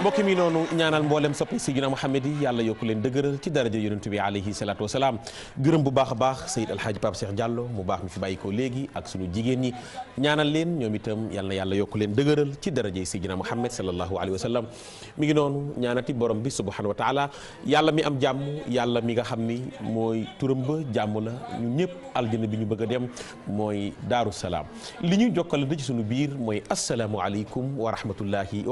mbokki mi noonu ñaanal mboolem soppi Seydina Mouhamed yi yàlla yokku leen dëgëral ci daraja yonent bi alayhi salaatu wasalaam gërëm bu baax a baax Seyd Alhaaji Pape Cheikh Diallo mu baax mi fi bàyyi ko léegi ak sunu jigéen ñi ñaanal leen ñoom itam yàlla na yàlla yokku leen dëgëral ci daraja Seydina Mouhamed sallallahu alayhi wa sallam mi ngi noonu ñaanati borom bi subhanahu wa taala yàlla mi am jàmm yàlla mi nga xam ni mooy turam ba jàmm la ñu ñëpp aljana bi ñu bëgg a dem mooy daaru salaam li ñu jokkalante ci sunu biir mooy asalaamu aleykum wa rahmatullahi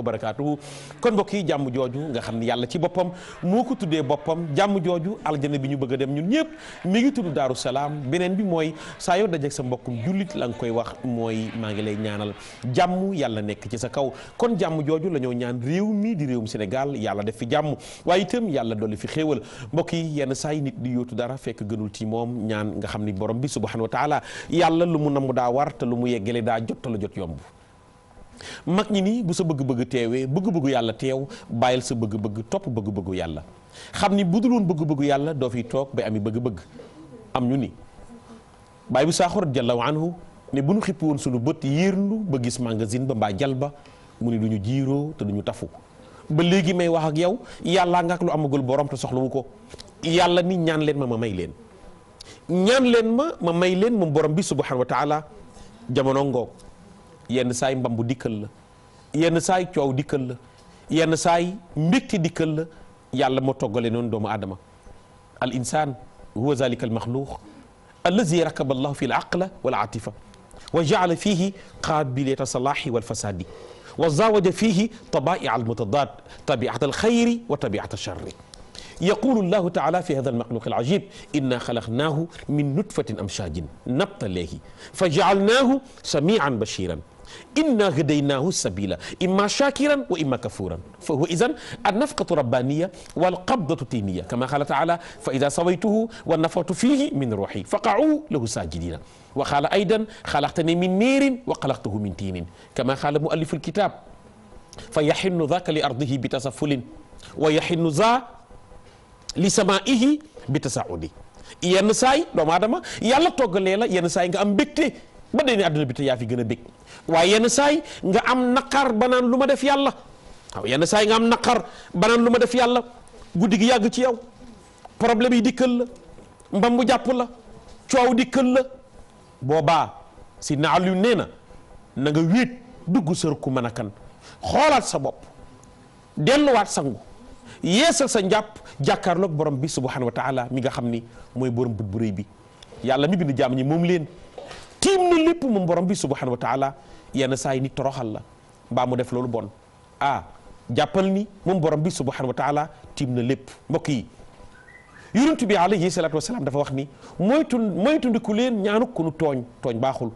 kon mbokk yi jàmm jooju nga xam ni yàlla ci boppam moo ko tuddee boppam jàmm jooju aljana bi ñu bëgg a dem ñun ñëpp mi ngi tudd daaru salaam beneen bi mooy saa yoo dajeek sa mbokkum jullit la nga koy wax mooy maa ngi lay ñaanal jàmm yàlla nekk ci sa kaw kon jàmm jooju la ñoo ñaan réew mii di réewum Sénégal yàlla def fi jàmm waaye itam yàlla dolli fi xéewal mbokk yi yenn saa yi nit di yootu dara fekk gënul ci moom ñaan nga xam ni borom bi subhanahu wa taala yàlla lu mu namu daa war te lu mu yeggale daa jot te la jot yomb mag ñi nii bu sa bëgg-bëgg teewee bëgg bëgg yàlla teew bàyyil sa bëgg-bëgg topp bëgg bëgg yàlla xam ni bu dul woon bëgg-bëggu yàlla doo fiy toog ba ami bëgg-bëgg am ñu ni bàyyi bu saaxorat jàllaw anhu ne bu nu xippi woon sunu bët yéerndu ba gis magasin ba mbaa jal ba mu ni du ñu jiiroo te du ñu tafu ba léegi may wax ak yow yàlla nga ak lu amagul borom te soxlawu ko yàlla ni ñaan leen ma ma may leen ñaan leen ma ma may leen moom borom bi subhanahu wa taala jamono ngoog yenn saay mbambu dikkal la yenn saay coow dikkal la yenn saay mbégte dikkal la yàlla moo toggale noonu doomu aadama al insaan huwa zalika al maxluuq allazi rakaba allahu fi l aqla wal atifa wa jaala fihi qabiliyata salaahi wal fasaadi wa zawaja fihi tabaaia al mutadaad tabiata al xayri wa tabiata charri yaqulu llahu taala fi hada almaxluq alajib inna xalaqnaahu min nutfatin amshaajin nabtaleehi fa jaalnaahu samian bashiran inna hadaynaahu sabila imma shakiran wa imma kafuran fa huwa idan annafqatu rabbaniya walqabdatu tiniya kama qala taala fa ida sawaytuhu wa nafaqtu fihi min ruuhi faqacu lahu sajidina wa qala aydan xalaqtani min niirin wa xalaqtahu min tiinin kama qala muallifu lkitab fa yaxinnu daka li ardihi bitasafulin wa yaxinnu za li samaihi bitasaudi yenn saay doomu aadama yàlla toggalee la yenn saay nga am mbégte ba dee ne àdduna bi te yaa fi gën a bég waaye yenn saay nga am naqar ba naan lu ma def yàlla yenn saay nga am naqar ba lu ma def yàlla guddi gi yàgg ci yow problème yi di la mbam bu jàpp la coow dikkal la boobaa si naal yu nee na na nga wéet dugg sër ku mën a kan xoolaat sa bopp delluwaat sangu yeesal sa njàpp jàkkaarloog borom bi subhanahu wa taala mi nga xam ni mooy borom bët bi yàlla mi bind jaam ñi moom leen tiim na lépp moom borom bi subhanahu wa taala yenn saa yi nit toroxal la mbaa def loolu bon ah jàppal ni moom borom bi subhanahu wa taala tiim na lépp mbokk yi yonent bi alayhi salaatu wasalaam dafa wax ni moytu moytundiku leen ñaanu ku nu baaxul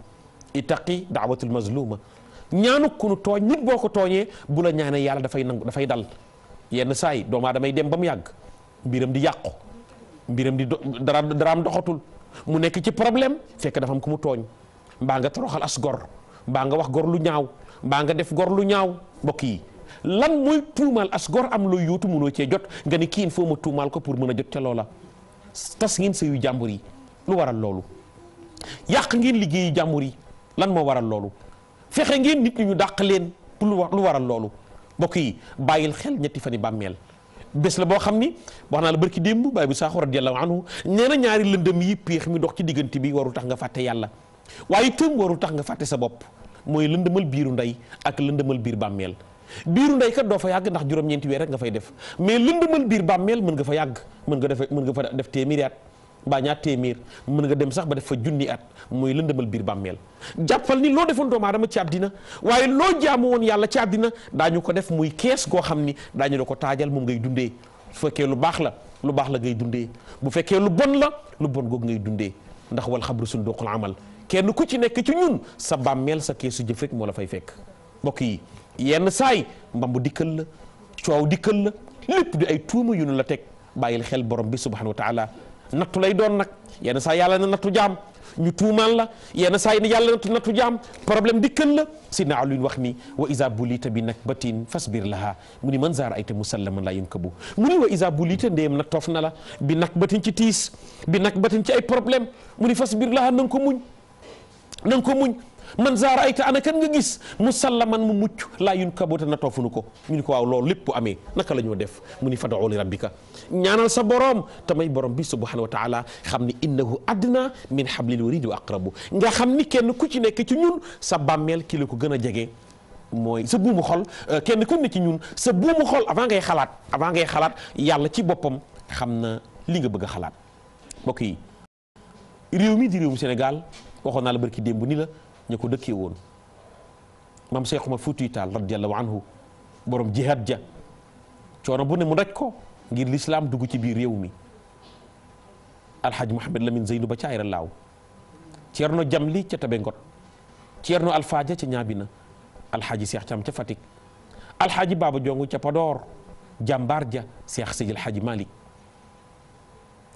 itaqi daawatul mazluma ñaanu ku nu tooñ nit boo ko tooñee bu la ñaanee yàlla dafay nangu dafay dal yenn saa yi doomu aadamay dem ba mu yàgg mbiram di yàqu mbiram di daraam doxatul mu nekk ci problème fekk dafa am ku mu tooñ mbaa nga toroxal as gor mbaa nga wax gor lu ñaaw mbaa nga def gor lu ñaaw mbokk yi lan mooy tuumaal as gor am loo yóotu mënoo cee jot nga ni kii il ma tuumaal ko pour mën a jot ca loola tas ngeen sëyu jàmbur yi lu waral loolu yàq ngeen liggéeyu jàmbur yi lan moo waral loolu fexe ngeen nit ñi ñu dàq leen lu waral loolu mbokk yi bàyyil xel ñetti fan yi bàmmeel bés la boo xam ni wax naa la barki démb baay bu saaxu radiyallahu anhu nee na ñaari lëndëm yi péex mi dox ci diggante bi warul tax nga fàtte yàlla waaye itam warul tax nga fàtte sa bopp mooy lëndëmal biiru ndey ak lëndëmal biir bàmmeel biiru ndey kat doo fa yàgg ndax juróom-ñeenti weer rek nga fay def mais lëndëmal biir bàmmeel mën nga fa yàgg mën nga def mën nga fa def téeméeri at mbaa ñaar téeméer mën nga dem sax ba def fa junni at muy lëndëmal biir bàmmeel jàppal ni loo defoon doomu aadama ci àddina waaye loo jaamu woon yàlla ci àddina daañu ko def muy kees goo xam ni daañu la ko taajal moom ngay dundee bu fekkee lu baax la lu baax la ngay dundee bu fekkee lu bon la lu bon goog ngay dundee ndax wal xabru sunduqul amal kenn ku ci nekk ci ñun sa bàmmeel sa keesu jëf rek moo la fay fekk mbokk yi yenn saay mbambu dikkal la coow dikkal la lépp di ay tuuma yu la teg bàyyil xel borom bi subhanahu wa nattu lay doon nag yenn saa yàlla na nattu jaam ñu tuumaan la yenn saa yi yàlla na nattu jaam problème dikkal la si sidna Alioune wax ni wa isa bulita bi nag batin la laha mu ni man zaar ayta musallaman la yunkabu mu ni wa isa bulita ndéem nag toof na la bi nag batin ci tiis bi nag batin ci ay problème mu ni fasbir laha na nga ko muñ na ko muñ man zaara ay ta ana kan nga gis man mu mucc laa yun kabota na toofunu ko ñu ni ko waaw loolu lépp bu amee naka la def mu ni fad'u li rabbika ñaanal sa borom te may borom bi subhanahu wa taala xam ni innahu adna min hablil waridi wa aqrabu nga xam ni kenn ku ci nekk ci ñun sa bàmmeel ki la ko gën a jege mooy sa buumu xol euh, kenn ku ne ci ñun sa buumu xol avant ngay xalaat avant ngay xalaat yàlla ci boppam xam na li nga bëgg xalaat mbokk yi réew mi di réewum Sénégal waxoon naa la barki démb ni la ñu ko dëkkee woon maam Cheikh Umar Fuutiyu Taal radiyallahu anhu borom jihad ja coono bu ne mu daj ko ngir lislaam dugg ci biir réew mi alxaj Mouhamed Lamine Zeynu ba ca ay relaaw Ceerno Jamli ca Tabe Ngot Ceerno Alfaaja ca Ñaabina alxaaji Seex Caam ca fatik alxaaji Baaba Jongu ca Padoor jàmbaar ja Seex Seydi alxaaji Malik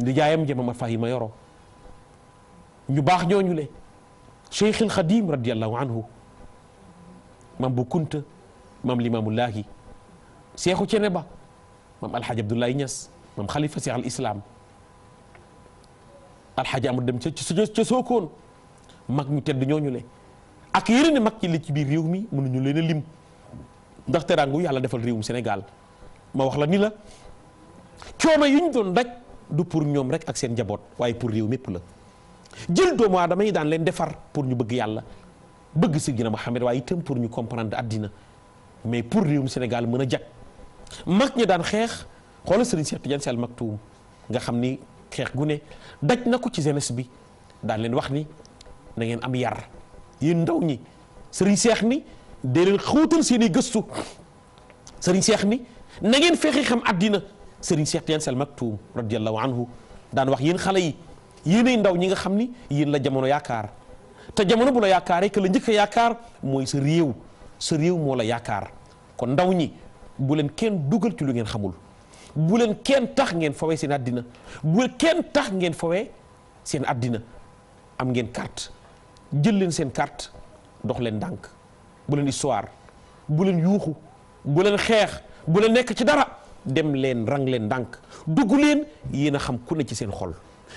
nijaayam ja Mama Fahima Yoro ñu baax ñooñu le Cheikh al Xadim radiallahu anhu maam bu Kunta maam Limaamulaahi Seexu Cene ba maam Alxaaji Abdoulaye Niass maam Khalifa Seex al Islam Alxaaji Amadu dem ca ca Sookoon mag ñu tedd ñooñu le ak yeneen mag ci li ci biir réew mi mënuñu leen a lim ndax teraangu yàlla defal réewum senegal ma wax la ni la coono yuñ ñu doon daj du pour ñoom rek ak seen njaboot waaye pour réew mépp la. jël doomu aadama yi daan leen defar pour ñu bëgg yàlla bëgg Seydina Muhammad waaye itam pour ñu comprendre àddina mais pour réewum Sénégal mën a jag mag ñi daan xeex xoolal Serigne Cheikh Tidiane Sy Al Maktoum nga xam ni xeex gu ne daj na ko ci jeunesse bi daan leen wax ni nangeen am yar yéen ndaw ñi Serigne Cheikh ni dee leen xóotal seen i gëstu Serigne seex ni na ngeen fexe xam àddina Serigne Cheikh Tidiane Sy Al Maktoum radiyallahu anhu daan wax yéen xale yi. yéenay ndaw ñi nga xam ni yéen la jamono yaakaar te jamono bu la yaakaaree que la njëkk yaakaar mooy sa réew sa réew moo la yaakaar kon ndaw ñi bu leen kenn dugal ci lu ngeen xamul bu leen kenn tax ngeen fawee seen àddina bu kenn tax ngeen fawee seen àddina am ngeen carte jël leen seen carte dox leen ndànk bu leen histoire bu leen yuuxu bu leen xeex bu leen nekk ci dara dem leen rang leen ndànk dugg leen yéen a xam ku ne ci seen xol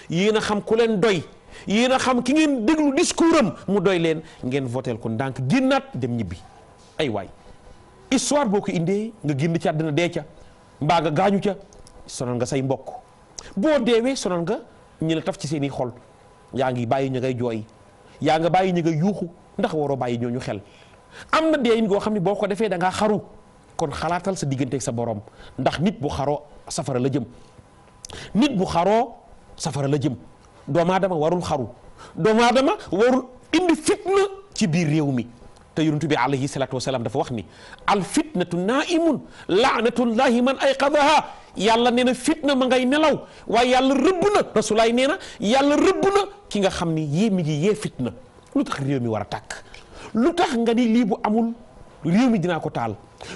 yéen a xam ku leen doy yéen a xam ki ngeen déglu discours am mu doy leen ngeen voteel ko ndànk génnaat dem ñibbi ay waay histoire boo ko indee nga génn ci àddina dee ca mbaa nga gaañu ca sonal nga say mbokk boo deewee sonoon nga ñi la taf ci seeni xol yaa ngi bàyyi ñu ngay jooy yaa nga bàyyi ñu ngay yuuxu ndax waroo bàyyi ñoo ñu xel am na deeyin goo xam ne boo ko defee da ngaa xaru kon xalaatal sa digganteeg sa boroom ndax nit bu xaroo safara la jëm nit bu xaroo safara la jëm doomu aadama warul xaru doomu aadama warul indi fitna ci biir réew mi te yonent bi alayhi salaatu wasalaam dafa wax ni al fitnatu naimun laanatullahi man ayqadaha yàlla nee na fitna ma ngay nelaw waaye yàlla rëbb na rasulaay nee na yàlla rëbb na ki nga xam ni yée mi ngi yee fitna lu tax réew mi war a tàkk lu tax nga ni liibu amul réew mi dinaa ko taal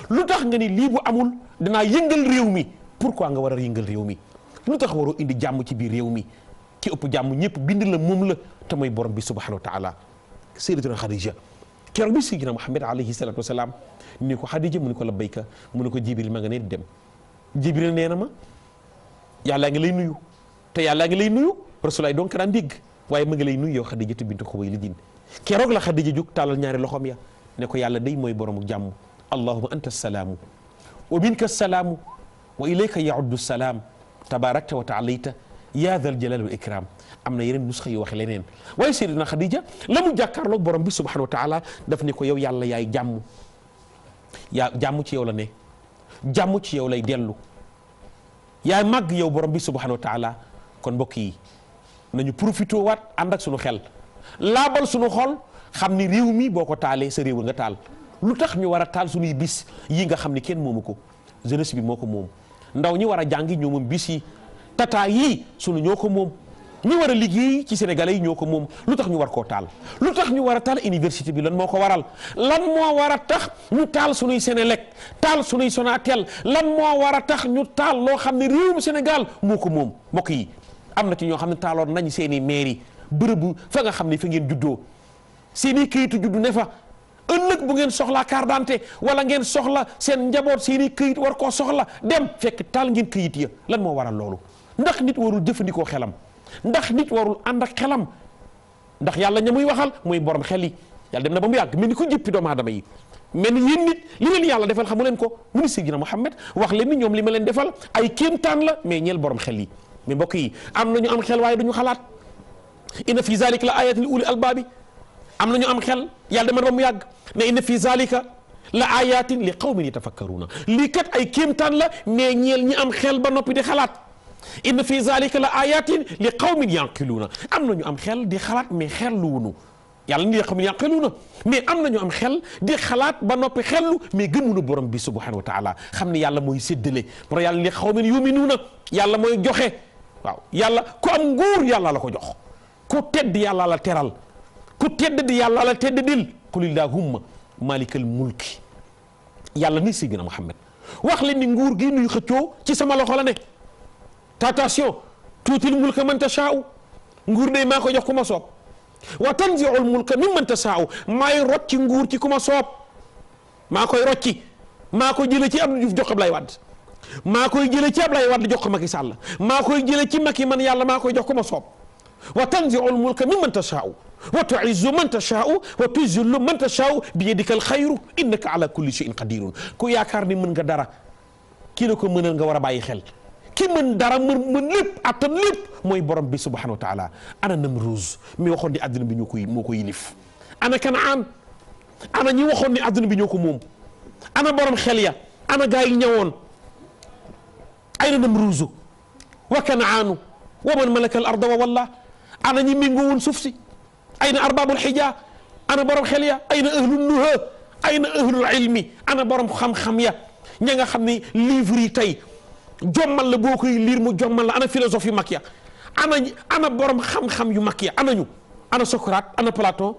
lu tax nga ni lii bu amul dinaa yëngal réew mi pourquoi nga war a yëngal réew mi lu tax waroo indi jàmm ci biir réew mi ki ëpp jàmm ñëpp bind la moom la te mooy borom bi subhanahu wa taala sayyidatuna Xadija keroog bi sayyidina Muhammad alayhi salatu wasalaam ni ko Xadija mu ni ko labbayka mu ni ko jibril ma nga ne dem jibril nee na ma yàllaa ngi lay nuyu te yàllaa ngi lay nuyu rasulaay donc daan dégg waaye ma ngi lay nuyu yow Xadija te bintu Xuwaylid keroog la Xadija jug tàllal ñaari loxoom ya ne ko yàlla day mooy boromu jàmm allahuma anta salaamu wa minka salaamu wa ilayka yauddu salaam tabarakta wa taalayta ya dal jalal wal ikram am na yeneen nusxa yu wax leneen waaye na Khadija la mu jàkkaarloog borom bi subhanahu wa taala daf ne ko yaw yàlla yaay jàmm yaa jàmm ci yow la ne jàmm ci yow lay dellu yaay màgg yow borom bi subhanahu wa kon mbokk yi nañu profité waat ànd sunu xel laabal sunu xol xam ni réew mii boo ko taalee sa réew nga taal lu tax ñu war a taal sunuy bis yi nga xam ni kenn moomu ko jeunesse bi moo ko moom. ndaw ñi war a jàngi ñoo moom bis yi tata yii sunu ñoo ko moom ñi war liggéey ci sénégalais yi ñoo ko moom lu tax ñu war ko taal lu tax ñu war a taal université bi lan moo ko waral lan moo war a tax ñu taal sunuy Sénélec taal sunuy Sonatel lan moo war a tax ñu taal loo xam ne réewum Sénégal moo ko moom mbokk yi am na ci ñoo xam ne taaloon nañ seen i mairie bërëbu fa nga xam ne fa ngeen juddoo seen i kayitu juddu ne fa ëllëg bu ngeen soxlaa carte d'identité wala ngeen soxla seen njaboot seen i këyit war koo soxla dem fekk taal ngeen këyit ya lan moo waral loolu ndax nit warul jëfandikoo xelam ndax nit warul ànd xelam ndax yàlla ña muy waxal muy borom xel yi yàlla dem na ba mu yàgg mel ni ko jëppi doomu aadama yi mel ni yéen nit li leen yàlla defal xamu leen ko mu ni Seydina Muhammad wax leen ñoom li ma leen defal ay kéemtaan la mais ñeel borom xel yi mais mbokk yi am na ñu am xel waaye duñu xalaat inna fi zalik la ayatin li uli am na ñu am xel yàlla demal ba mu yàgg ne inna fi zalika la ayatin li qawmin yatafakkaruna lii kat ay kéemtaan la mais ñeel am xel ba noppi di xalaat inna fi zalika la ayatin li qawmin am na ñu am xel di xalaat mais xel lu wunu yàlla ni xam ne yàqelu na mais am nañu am xel di xalaat ba noppi xellu mais gëmunu borom bi subhanahu wa taala xam ne yàlla mooy séddale pour yàlla li xaw min yuminuuna yàlla mooy joxe waaw yàlla ku am nguur yàlla la ko jox ko tedd yàlla la teral ku tedd di yàlla la tedd dil qulillahumma malikal mulki yàlla ni Seydina Muhammad wax leen di nguur gi nuy xëccoo ci sama loxo la ne tatation tuutil mulka man tashaa'u nguur day maa ko jox ku ma soob wa tanzi'ul mulka mimman tashaa'u maay rocci nguur ci ku ma soob maa koy rocci maa ko jëlee ci Abdou jox ko Ablaye Wade maa koy jëlee ci Ablaye Wade jox ko Macky Sall maa koy jëlee ci Macky man yàlla maa koy jox ku ma soob وتنزع الملك ممن تشاء وتعز من تشاء وتذل من تشاء بيدك الخير إنك على كل شيء قدير ku yaakaar ni mën nga dara kii la ko mënal nga war a bàyyi xel ki mën dara mën mën lépp attan lépp mooy borom bi subhanahu wa taala ana Namruuz mi waxoon ni adduna bi ñoo koy moo ko yilif ana Kanaan ana ñi waxoon ni adduna bi ñoo ko moom ana borom xel ya ana gaa yi ñëwoon ayna Namruuzu wa Kanaanu wa man malaka al arda wa walla ana ñi méngoo wun suuf si ay na arbabul xija ana borom xel ya ay na ahlul nuha ay na ahlul ilmi ana borom xam-xam ya ña nga xam ni livre yi tey jommal la boo koy liir mu jommal la ana philosophe yu mag ya ana ana borom xam yu mag ya ana ñu ana Socrate ana Platon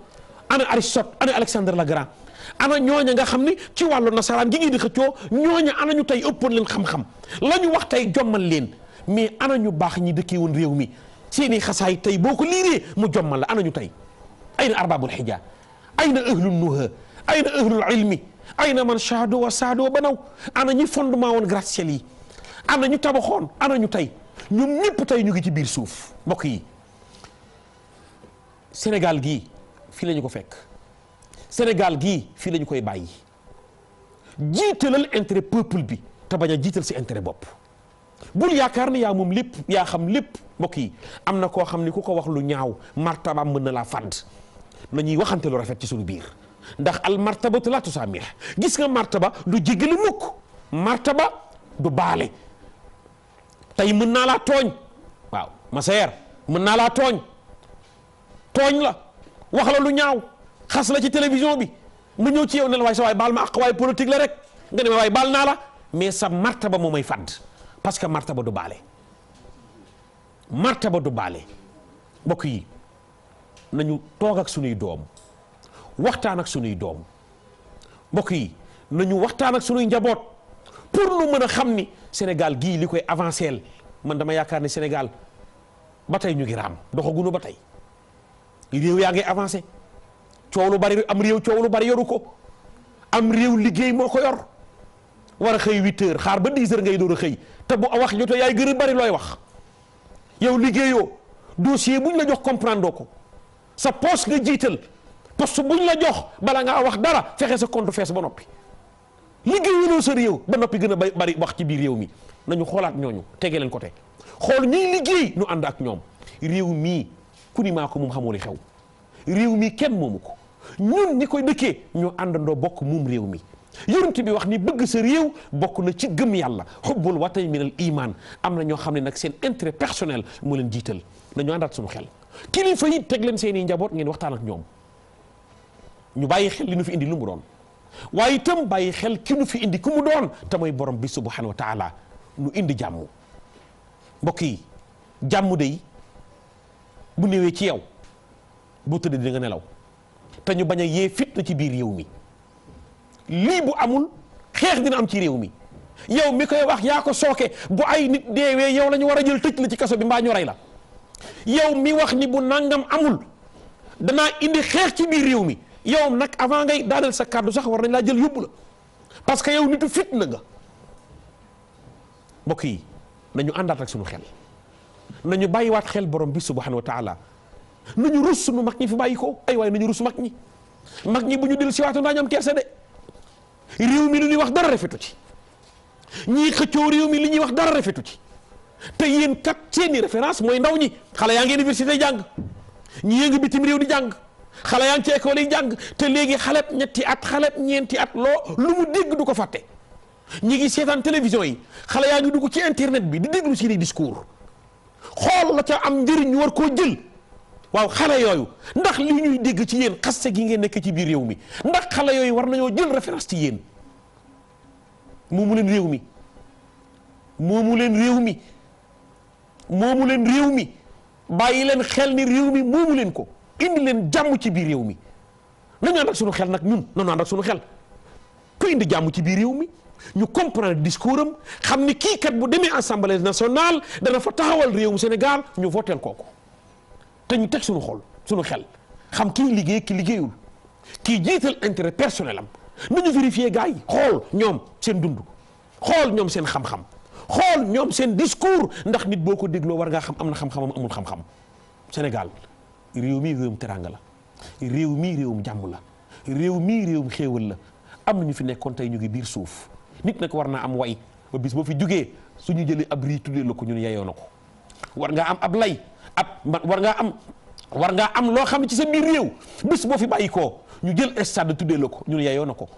ana Aristote ana Alexandre le Grand ana ñooña nga xam ni ci wàllu nasaraan gi ngi di xëccoo ñooña ana ñu tey ëppoon leen xam-xam la ñu wax tey jommal leen mais ana ñu baax ñi dëkkee woon réew mi. seeni xasaay tey boo ko liiree mu jommal la anañu tey ay arbabul xija ayna ay nuha ayna ahlul ilmi ayna man shaado wa saado wa banaw ana ñi fondement woon gratte-ciel yi ana ñu tabaxoon ana ñu tey ñoom ñëpp tey ñu ngi ci biir suuf mbokk yi Sénégal gii fii lañu ko fekk senegal gi fii la koy bàyyi jiitalal intérêt peuple bi te bañ a jiital si intérêt bopp bul yaakaar ne yaa moom lépp yaa xam lépp mbokk yi am na koo xam ne ku ko wax lu ñaaw martabaam mën na laa fàdd na ñuy waxante rafet ci suñu biir ndax al martabatu laa tusaamih gis nga martaba du jégalu mukk martaba du baale tey mën naa laa tooñ waaw maseer mën naa laa tooñ tooñ la wax la lu ñaaw xas la ci télévision bi mu ñëw ci yow ne la waaye sa waay baal ma ak waaye politique la rek nga ne ma waaye baal naa la mais sa martaba moo may fàdd parce que martaba du baale martaba du baale mbokk yi nañu toog ak sunuy doom waxtaan ak sunuy doom mbokk yi nañu waxtaan ak sunuy njaboot pour nu mën a xam ni Sénégal gii li koy avanceel man dama yaakaar ne Sénégal ba tey ñu ngi raam doxagunu ba tey réew yaa ngi avancé coow lu bari am réew coow lu bari yoru ko am réew liggéey moo ko yor war a xëy 8 heures xaar ba 10 heures ngay door a xëy te a wax jotee yaay gën a bari looy wax yow liggéeyoo dossier buñ la jox comprendre ko sa poste nga jiital poste buñ la jox balaa nga ngaa wax dara fexe sa compte fees ba noppi liggéeyuloo sa réew ba noppi gën a bari wax ci biir réew mi nañu xoolaat ñooñu tegee leen ko teg xool ñuy liggéey ñu ànd ak ñoom réew mii ku ni maa ko moom xamoo li xew réew mii kenn moomu ko ñun ñi koy dëkkee ñu àndandoo bokk muum réew mi. yonent bi wax ni bëgg sa réew bokk na ci gëm yàlla xubbul watay minal iman am na ñoo xam ne nag seen intérêt personnel moo leen jiital nañu àndaat suñu xel kilifa yi teg leen seen njaboot ngeen waxtaan ak ñoom ñu bàyyi xel li nu fi indi lu doon waaye itam bàyyi xel ki nu fi indi ku mu doon te mooy borom bi subhanahu wa taala nu indi jàmm mbokk yi jàmm day bu néewee ci yow boo tëddee di nelaw te ñu bañ a yee fitna ci biir réew mi. lii bu amul xeex dina am ci réew mi yow mi koy wax yaa ko sooke bu ay nit deewee yow la ñu war a jël tëj la ci kaso bi mbaa ñu la yow mi wax ni bu nangam amul danaa indi xeex ci biir réew mi yow nag avant ngay daaneel sa kàddu sax war nañ laa jël yóbbu la parce que yow nitu fitna nga mbokk yi nañu àndaat ak sunu xel nañu bàyyiwaat xel borom bi subhanahu wa taala nañu rus sunu mag ñi fi bàyyi ko ay waaye nañu rus mag ñi mag ñi bu ñu dellu siwaatu ndaañu am kersa de réew mi lu ñuy wax dara rafetu ci ñii xëccoo réew mi li ñuy wax dara rafetu ci te yéen kat seeni référence mooy ndaw ñi xale yaa ngi université jàng ñii ngi bitim réew di jàng xale yaa ngi ci école yi jàng te léegi xaleb ñetti at xaleb ñeenti at loo lu dégg du ko fàtte ñi ngi seetaan télévision yi xale yaa ngi dugg ci internet bi di déglu seeni discours xool la ca am njëriñ war koo jël waaw xale yooyu ndax li ñuy dégg ci yéen xaste gi ngee nekkee ci biir réew mi ndax xale yooyu war nañoo jël référence ci yéen moomu leen réew mi moomu leen réew mi moomu leen réew mi bàyyi leen xel ni réew mi moomu leen ko indi leen jàmm ci biir réew mi nañu ànd ak sunu xel nag ñun nañu ànd sunu xel ku indi jàmm ci biir réew mi ñu comprendre discours am xam ni kii kat bu demee assemblée nationale dana fa taxawal réewum Sénégal ñu voteel kooku. te ñu teg suñu xool suñu xel xam kii liggéey ki liggéeyul kii jiital intérêt personnel am nañu vérifier gars yi xool ñoom seen dund xool ñoom seen xam xool ñoom seen discours ndax nit boo ko dégloo war ngaa xam am na xam amul xam Sénégal réew mii réewum teranga la réew mii réewum jàmm la réew mi réewum xéewal la am na ñu fi nekkoon tey ñu ngi biir suuf nit nag war naa am way ba bis boo fi jugee ñu jëlee ab rii tuddee la ko ñun yeyoo na ko war ngaa am ab lay at war ngaa am war ngaa am loo xam ne ci sa biir réew bis boo fi bàyyi ko ñu jël stade tuddee la ko ñun yeyoo na ko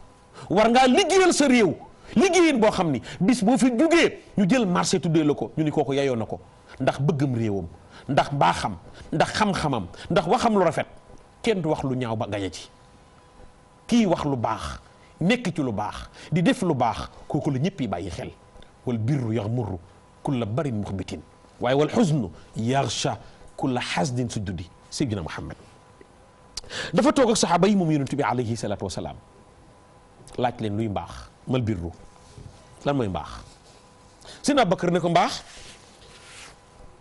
war ngaa liggéeyal sa réew liggéeyin boo xam ni bis boo fi jugee ñu jël marché tuddee la ko ñu ni kooku yeyoo na ko ndax bëggam réewam ndax mbaaxam ndax xam-xamam ndax waxam lu rafet kenn du wax lu ñaaw ba gañe ci kii wax lu baax nekk ci lu baax di def lu baax kooku la ñëpp yi bàyyi xel wal birru yax murru kulla barin muxbitin waaye wal xusnu yaxsha kulla xasdin sujudi sayyidina Muhammad dafa toog ak saxaaba yi moom yonent bi alayhi salaatu wa salaam laaj leen luy mbaax mal birru lan mooy mbaax Seydina Bakar ne ko mbaax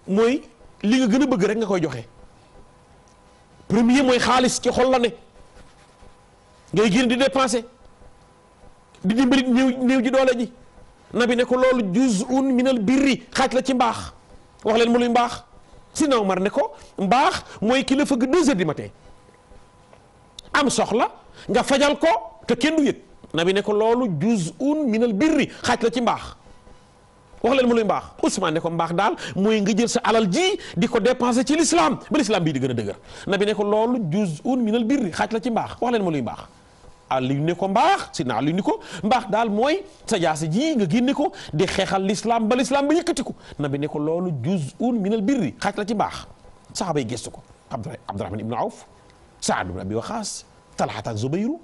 mooy li nga gën a bëgg rek nga koy joxe premier mooy xaalis ci xol la ne ngay génn di dépenser di dimbali néew néew ji doole ji nabi lool ko loolu juz'un minal birri xaaj la ci mbaax wax leen mu luy mbaax Seydina Omar ne ko mbaax mooy ki la fëgg deux heures du matin am soxla nga fajal ko te kenn du yëg nabi ne ko loolu juz'un minal birri xaaj la ci mbaax wax leen mu luy mbaax Ousmane ne ko mbaax daal mooy nga jël sa alal ji di ko dépenser ci l'islam ba l'islam bii di gën a dëgër nabi ne ko loolu juz'un minal birri xaaj la ci mbaax wax leen mu luy mbaax Aliou ne ko mbaax si na Aliou ni ko mbaax daal mooy sa jaase ji nga génne ko di xeexal l'islam ba l'islam ba yëkkati ko nabi ne ko loolu juz'un minal birri xaaj la ci mbaax saxaaba yi gëstu ko Abdurahman ibnu Awf Saad ibnu Abi Waqaas Talxata ak Zubayru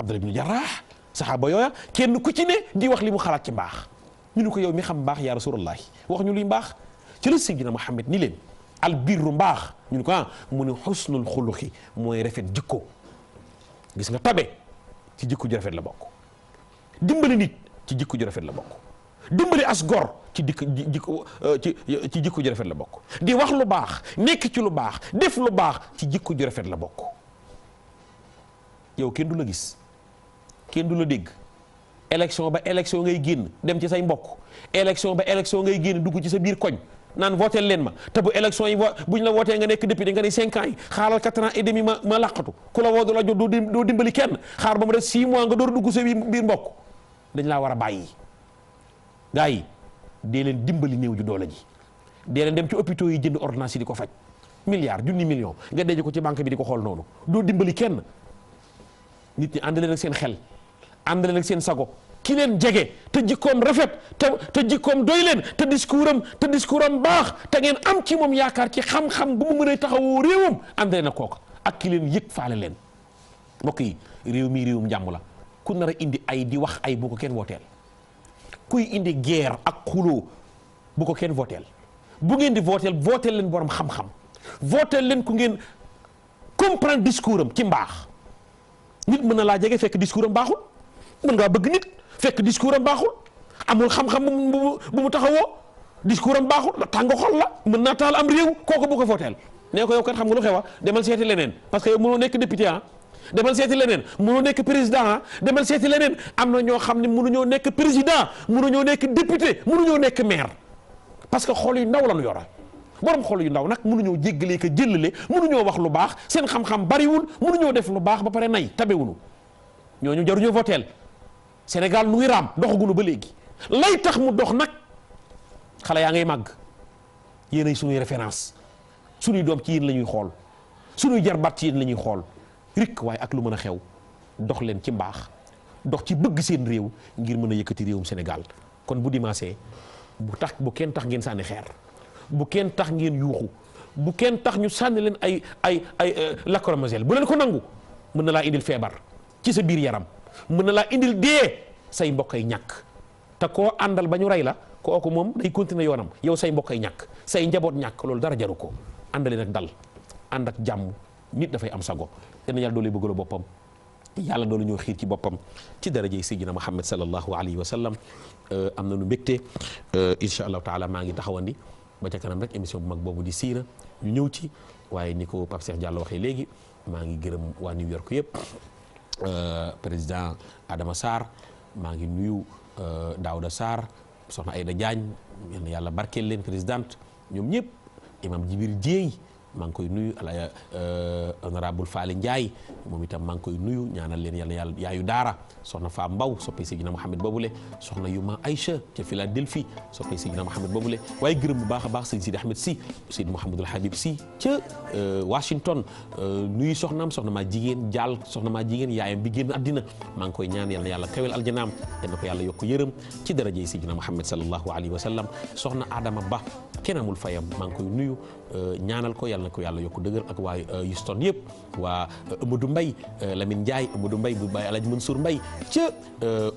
Abdullah ibnu Jaraax saxaaba yooya kenn ku ci ne di wax li mu xalaat ci mbaax ñu ne ko yow mi xam mbaax yaa rasulallah wax ñu luy mbaax ci la Seydina Muhammad ni leen albirru mbaax ñu ne ko ah mu ne xusnul xuluqi mooy rafet jikko gis nga tabe ci jikku ju rafet la bokk dimbali nit ci jikko ju rafet la bokk dimbali as gor ci dikk jikko euh, ci ci jikko ju la bokk di wax lu baax nekk ci lu baax def lu baax ci jikko ju rafet la bokk yow kenn du la gis kenn du la dégg élection ba élection ngay génn dem ci say mbokk élection ba élection ngay génn dugg ci sa biir koñ naan voté leen ma te bu élection yi buñ la voté nga nekk député nga ne cinq ans yi xaaral quatre ans et demi ma ma ku la woo du la jot doo dimbali kenn xaar ba mu def six mois nga door dugg sa biir mbokk dañ laa war a bàyyi. gars yi dee leen dimbali néew ju doole ji dee leen dem ci hôpitaux yi jënd ordonnance yi di ko faj milliards junni million nga denc ko ci banque bi di ko xool noonu doo dimbali kenn nit ñi ànd leen seen xel ànd leen ak seen sago. ki leen jege te jikkoom rafet te te jikkoom doy leen te discours am te discours am baax te ngeen am ci moom yaakaar ci xam-xam bu mu mënee taxawoo réewam àndee na kooka ak ki leen yëg faale leen mbokk yi réew mi réewum jàmm la ku nar a indi ay di wax ay bu ko kenn wooteel kuy indi geer ak xuloo bu ko kenn wooteel bu ngeen di wooteel wooteel leen borom xam-xam wooteel leen ku ngeen comprendre discours am ci mbaax nit mën na laa jege fekk discours am baaxul mën ngaa bëgg fekk discours am baaxul amul xam-xam bu mu taxawoo discours am baaxul tàng xol la mën naa taal am réew kooku bu ko footeel nee ko yow kat xam nga lu xewa ah, demal seeti leneen parce que yow mënoo nekk député ah demal seeti leneen mënoo nekk président ah demal leneen am na ñoo xam ne mënuñoo nekk président mënuñoo nekk député mënuñoo nekk maire parce que xol yu ndaw la ñu yora borom xol yu ndaw nag mënuñoo jéggalee ko jëllale mënuñoo wax lu baax seen xam-xam bariwul mënuñoo def lu baax ba pare nay tabewunu ñooñu jaruñoo voteel Sénégal mu ngi raam doxagunu ba léegi lay tax mu dox nag xale yaa ngay màgg yéenay suñuy référence suñuy doom ci yéen la ñuy xool suñuy jarbaat ci yéen la ñuy xool rikk waaye ak lu mën a xew dox leen ci mbaax dox ci bëgg seen réew ngir mën a yëkkati réewum Sénégal kon bu dimanche bu tax bu kenn tax ngeen sànni xeer bu kenn tax ngeen yuuxu bu kenn tax ñu sànni leen ay ay ay euh, lacrymogène bu leen ko nangu mën na laa indil feebar ci sa biir yaram mën na laa indil dee say mbokk ay ñàkk te koo àndal ba ñu rey la kooku moom day continuer yoonam yow say mbokk ay ñàkk say njaboot ñàkk loolu dara jaru ko àndale nag dal ànd ak jàmm nit dafay am sago te na yàlla doole bëggaloo boppam yàlla doole ñoo xiir ci boppam ci darajey sayyidina Muhammad sallallahu alayhi wa sallam euh, am na nu mbégte euh, incha allahu taala maa ngi taxawandi ba ca kanam rek émission bu mag boobu di siira ñëw ci waaye ni ko Pape Cheikh Diallo waxee léegi maa ngi gërëm waa New York yëpp Euh, président Adama Sarr maa ngi nuyu euh, Daouda Sarr soxna Aïda Diagne yal na yàlla barkeel leen présidente ñoom ñëpp imam Djibril Dieye maa ngi koy nuyu ala euh, honorable Faly Ndiaye moom itam maa ngi koy nuyu ñaanal leen yàlla yàlla yaayu daara soxna Fa Mbaw soppay Seydina Mohamed boobule soxna Yuma Aïcha ca Philadelphie soppay Seydina Mohamed boobule waaye gërëm bu baax a baax sëñ Sidi Ahmed si Seydi Mouhamadul Habib si ca euh, Washington euh, nuyu soxnaam soxna maa jigéen jaal soxna maa jigéen yaayam bi génn àddina maa ngi koy ñaan yal na yàlla kawel aljanaam yal na ko yàlla yokk yërëm ci darajey Seydina Mohamed sallallahu alayhi wa sallam soxna Adama Ba kenn amul fayam maa ngi koy nuyu ñaanal ko yàlla yàlla na ko yàlla yokku dëgër ak waa euh, Houston yëpp waa euh, Amadou Mbaye euh, Lamine Ndiaye Amadou Mbaye bu Baye Alhaji Mansour mbay ca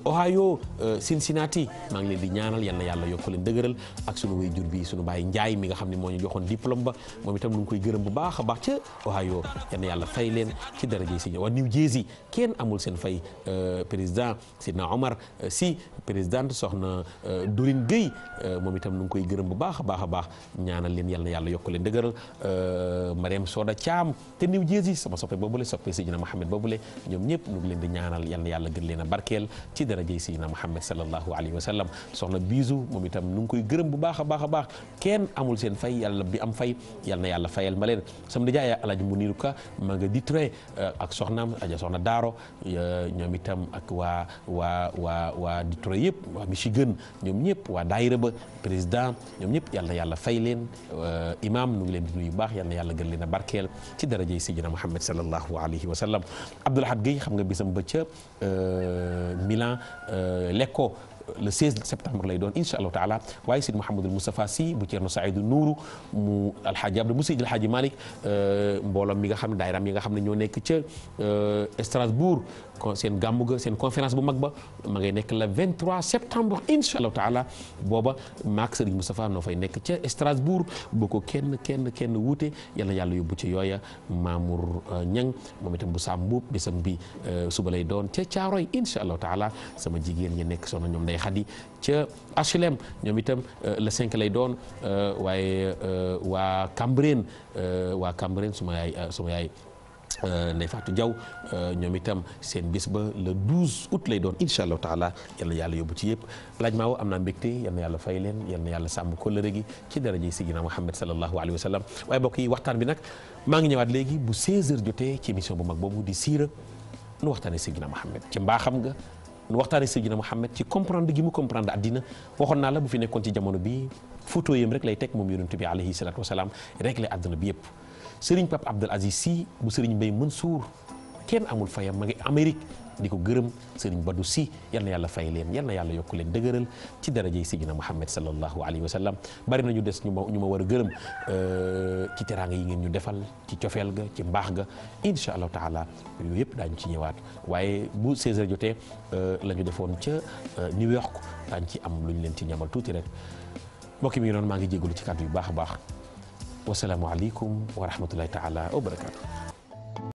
Ohio Cincinnati maa ngi leen di ñaanal yal na yàlla yokku leen dëgëral ak sunu wéy jur bi sunu Baye njaay mi nga xam ne moo ñu joxoon diplôme ba moom itam ñu ngi koy gërëm bu baax a baax ca Ohio yal yàlla fay leen ci daraja si waa New Jersey kenn amul seen fay président Sidna Omar si présidente soxna Dorine Gueye moom itam ñu ngi koy gërëm bu baax a baax a baax ñaanal leen yal na yàlla yokku leen dëgëral Euh, Mariam Soda Thiam te niw jéesi sama soppe boobule soppe Seydina Mohamed boobule ñoom ñëpp ñu ngi leen di ñaanal yal na yàlla gën leen a barkeel ci darajey Seydina Mohamed sallallahu alayhi wa sallam soxna bisu moom itam nu ngi koy gërëm bu baax a baax a baax kenn amul seen fay yàlla bi am fay yal na yàlla fayal ma leen sam di jaay alaaj mu niru ka ma nga di tre euh, ak soxnaam aja soxna daaro euh, ñoom itam ak waa waa waa waa di tre yëpp waa Michigan ñoom ñëpp waa daayira ba président ñoom ñëpp yal na yàlla fay leen imam nu ngi leen di nuyu bu baax yal na yàlla gën leen a barkeel ci darajey sidina Muhammad sallallahu alayhi wa sallam Abdoul Ahad Guèye xam nga bisam ba ca euh, Milan euh, Lecco le 16 septembre lay doon incha allahu taala waaye Sidi Mouhamadul Moustapha Sy bu Thierno Saïdou Nourou mu alxaaji Abdou Moussi alxaaji Malick euh, mbooloom mi nga xam ne daayiraam yi nga xam ne ñoo nekk ca euh, Strasbourg seen gàmmu ga seen conférence bu mag ba ma ngay nekk le 23 septembre incha allahu taala booba maak Serigne Moustapha noo fay nekk ca Strasbourg bu ko kenn kenn kenn wuute yal na yàlla yóbbu ca yooya Mamour euh, Niang moom itam bu Samb bisam bi suba lay doon ca Caaroy incha allahu taala sama jigéen ñi nekk soxna ñoom Ndeye Khady ca HLM ñoom itam euh, le 5 lay doon euh, waaye euh, waa Cambérène waa Cambérène suma yaay suma yaay Ndeye Fatou Diaw ñoom itam seen bis ba le 12 août lay doon incha allahu taala yal na yàlla yóbbu ci yëpp laaj maa woo am naa mbégte yal na yàlla fay leen yal na yàlla sàmm kóllëre gi ci daraja Sayyidina Muhammad sallallahu alayhi wa sallam waaye mbokk yi waxtaan bi nag maa ngi ñëwaat léegi bu 16h jotee ci émission bu mag boobu di siira nu waxtaanee Sayyidina Muhammad ci mbaaxam waxtaane Seydina Mouhamed ci comprendre gi mu comprendre addina waxoon naa la bu fi nekkoon ci jamono bi photo yam rek lay teg moom yonent bi alayhi salaatu wasalaam rek lay addina bi yëpp Serigne Pape Abdel Aziz si bu Serigne Mbaye Mansour kenn amul fayam ma ngi Amérique di ko gërëm sëriñ Badou Si yal na yàlla fay leen yal na yàlla yokk leen dëgëral ci darajey Sayyidina Muhammad sallallahu alayhi wa sallam bari na ñu des ñu ma ñu ma war a gërëm euh, ci teraanga yi ngeen ñu defal ci cofeel ga ci mbaax ga incha allahu taala yooyu yëpp daañu ci ñëwaat waaye bu 16h jotee euh, la ñu defoon ca euh, New York daañu ci am lu ñu leen ci ñamal tuuti rek mbokk mi noonu maa ngi jégalu ci kàddu yu baax a baax wasalaamualeykum wa rahmatullahi taala